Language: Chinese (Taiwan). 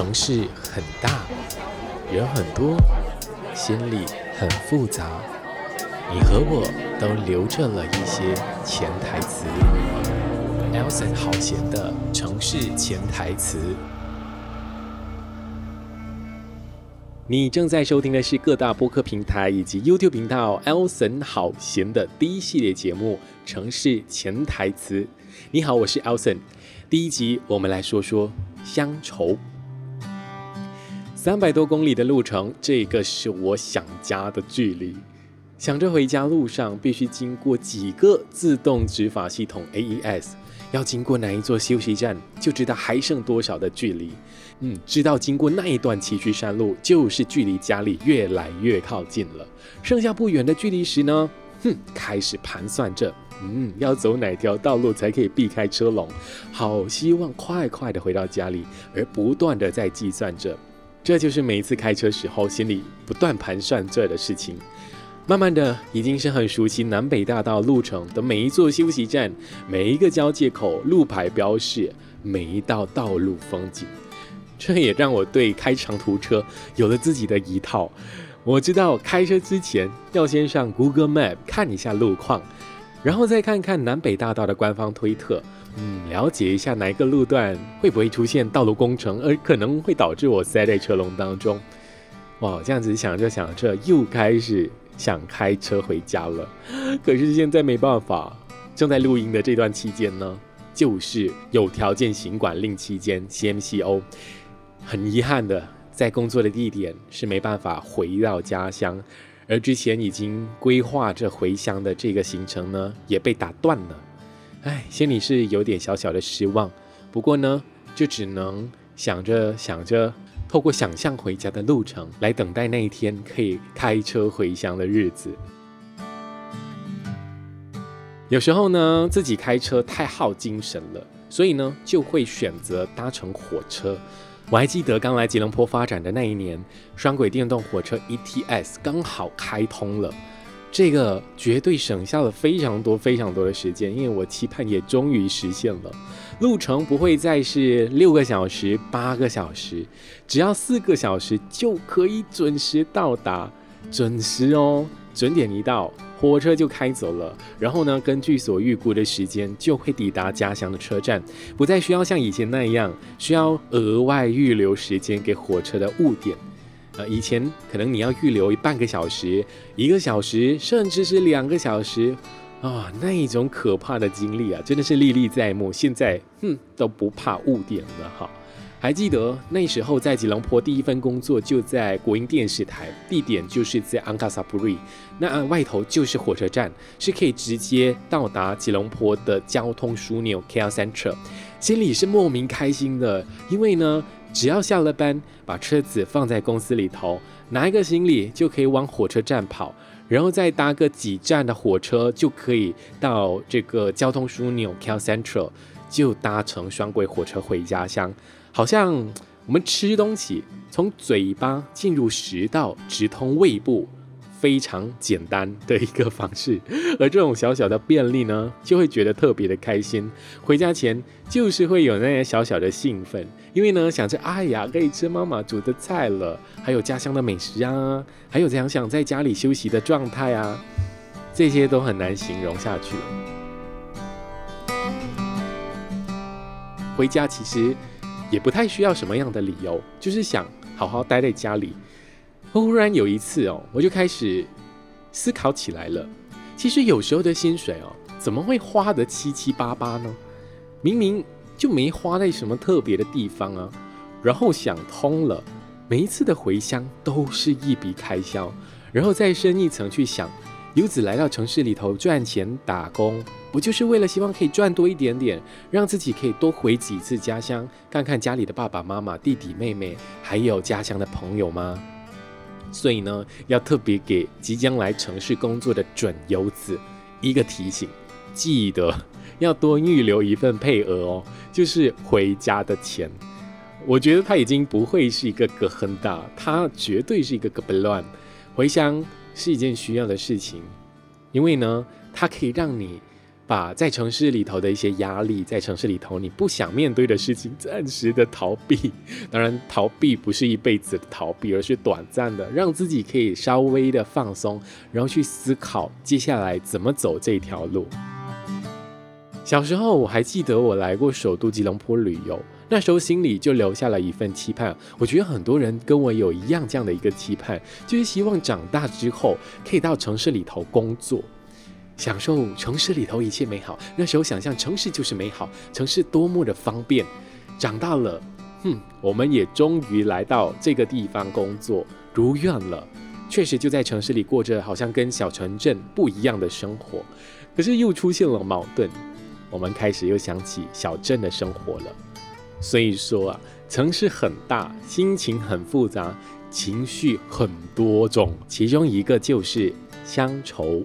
城市很大，人很多，心裡很複雜。你和我都留着了一些潛台詞。Elson 好閒的城市潛台詞。你正在收聽的是各大播客平台以及 YouTube 頻道 Elson 好閒的第一系列節目《城市潛台詞》。你好，我是 Elson。第一集，我們來說說鄉愁。三百多公里的路程，這個是我想家的距離。想着回家路上必須經過幾個自動執法系統 AES，要經過哪一座休息站，就知道還剩多少的距離。嗯，直到經過那一段崎嶇山路，就是距離家裡越來越靠近了。剩下不遠的距離時呢，哼，開始盤算着，嗯，要走哪條道路才可以避開車龍，好希望快快的回到家裡，而不斷的在計算着。這就是每一次開車時候心裡不斷盤算着的事情。慢慢的，已經是很熟悉南北大道路程的每一座休息站、每一個交界口、路牌標示、每一道道路風景。這也讓我對開長途車有了自己的一套。我知道開車之前要先上 Google Map 看一下路況。然後再看看南北大道的官方推特，嗯，了解一下哪一個路段會不會出現道路工程，而可能會導致我塞在車龍當中。哇，這樣子想着想着又開始想開車回家了，可是現在沒辦法。正在錄音的這段期間呢，就是有條件行管令期間 （CMCO）。很遺憾的，在工作的地點是沒辦法回到家鄉。而之前已經規劃着回鄉的這個行程呢，也被打斷了。哎，心裡是有點小小的失望。不過呢，就只能想着想着，透過想象回家的路程來等待那一天可以開車回鄉的日子。有時候呢，自己開車太耗精神了，所以呢，就會選擇搭乘火車。我還記得剛來吉隆坡發展的那一年，雙軌電動火車 ETS 剛好開通了，這個絕對省下了非常多非常多的時間，因為我期盼也終於實現了，路程不會再是六個小時、八個小時，只要四個小時就可以準時到達，準時哦。準點一到，火車就開走了。然後呢，根據所預估的時間，就會抵達家鄉的車站，不再需要像以前那樣需要額外預留時間給火車的誤點。呃，以前可能你要預留半個小時、一個小時，甚至是兩個小時啊，哦，那一種可怕的經歷啊，真的是歷歷在目。現在，哼，都不怕誤點了哈。還記得那時候在吉隆坡第一份工作就在國營電視台，地點就是在安卡薩布瑞，那外頭就是火車站，是可以直接到達吉隆坡的交通樞紐 K L Central，心裡是莫名開心的，因為呢，只要下了班把車子放在公司裡頭，拿一個行李就可以往火車站跑，然後再搭個幾站的火車就可以到這個交通樞紐 K L Central，就搭乘雙軌火車回家鄉。好像我們吃東西從嘴巴進入食道，直通胃部，非常簡單的一個方式。而這種小小的便利呢，就會覺得特別的開心。回家前就是會有那些小小的興奮，因為呢，想着哎呀可以吃媽媽煮的菜了，還有家鄉的美食啊，還有想想在家裡休息的狀態啊，這些都很難形容下去了。回家其實。也不太需要什麼樣的理由，就是想好好待在家裡。忽然有一次哦，我就開始思考起來了。其實有時候的薪水哦，怎麼會花得七七八八呢？明明就沒花在什麼特別的地方啊。然後想通了，每一次的回鄉都是一筆開銷。然後再深一層去想。遊子來到城市裡頭賺錢打工，不就是為了希望可以賺多一點點，讓自己可以多回幾次家鄉，看看家裡的爸爸媽媽、弟弟妹妹，還有家鄉的朋友嗎？所以呢，要特別給即將來城市工作的準遊子一個提醒，記得要多預留一份配額哦，就是回家的錢。我覺得他已經不會是一個格亨打，他絕對是一個格別亂，回鄉是一件需要的事情，因為呢，它可以讓你把在城市裡頭的一些壓力，在城市裡頭你不想面對的事情暫時的逃避。當然，逃避不是一輩子的逃避，而是短暫的，讓自己可以稍微的放鬆，然後去思考接下來怎麼走這條路。小時候我還記得我來過首都吉隆坡旅遊。那時候心裡就留下了一份期盼，我覺得很多人跟我有一樣這樣的一個期盼，就是希望長大之後可以到城市裡頭工作，享受城市裡頭一切美好。那時候想象城市就是美好，城市多麼的方便。長大了，哼，我們也終於來到這個地方工作，如願了。確實就在城市裡過着好像跟小城鎮不一樣的生活，可是又出現了矛盾，我們開始又想起小鎮的生活了。所以說啊，城市很大，心情很複雜，情緒很多種，其中一個就是鄉愁。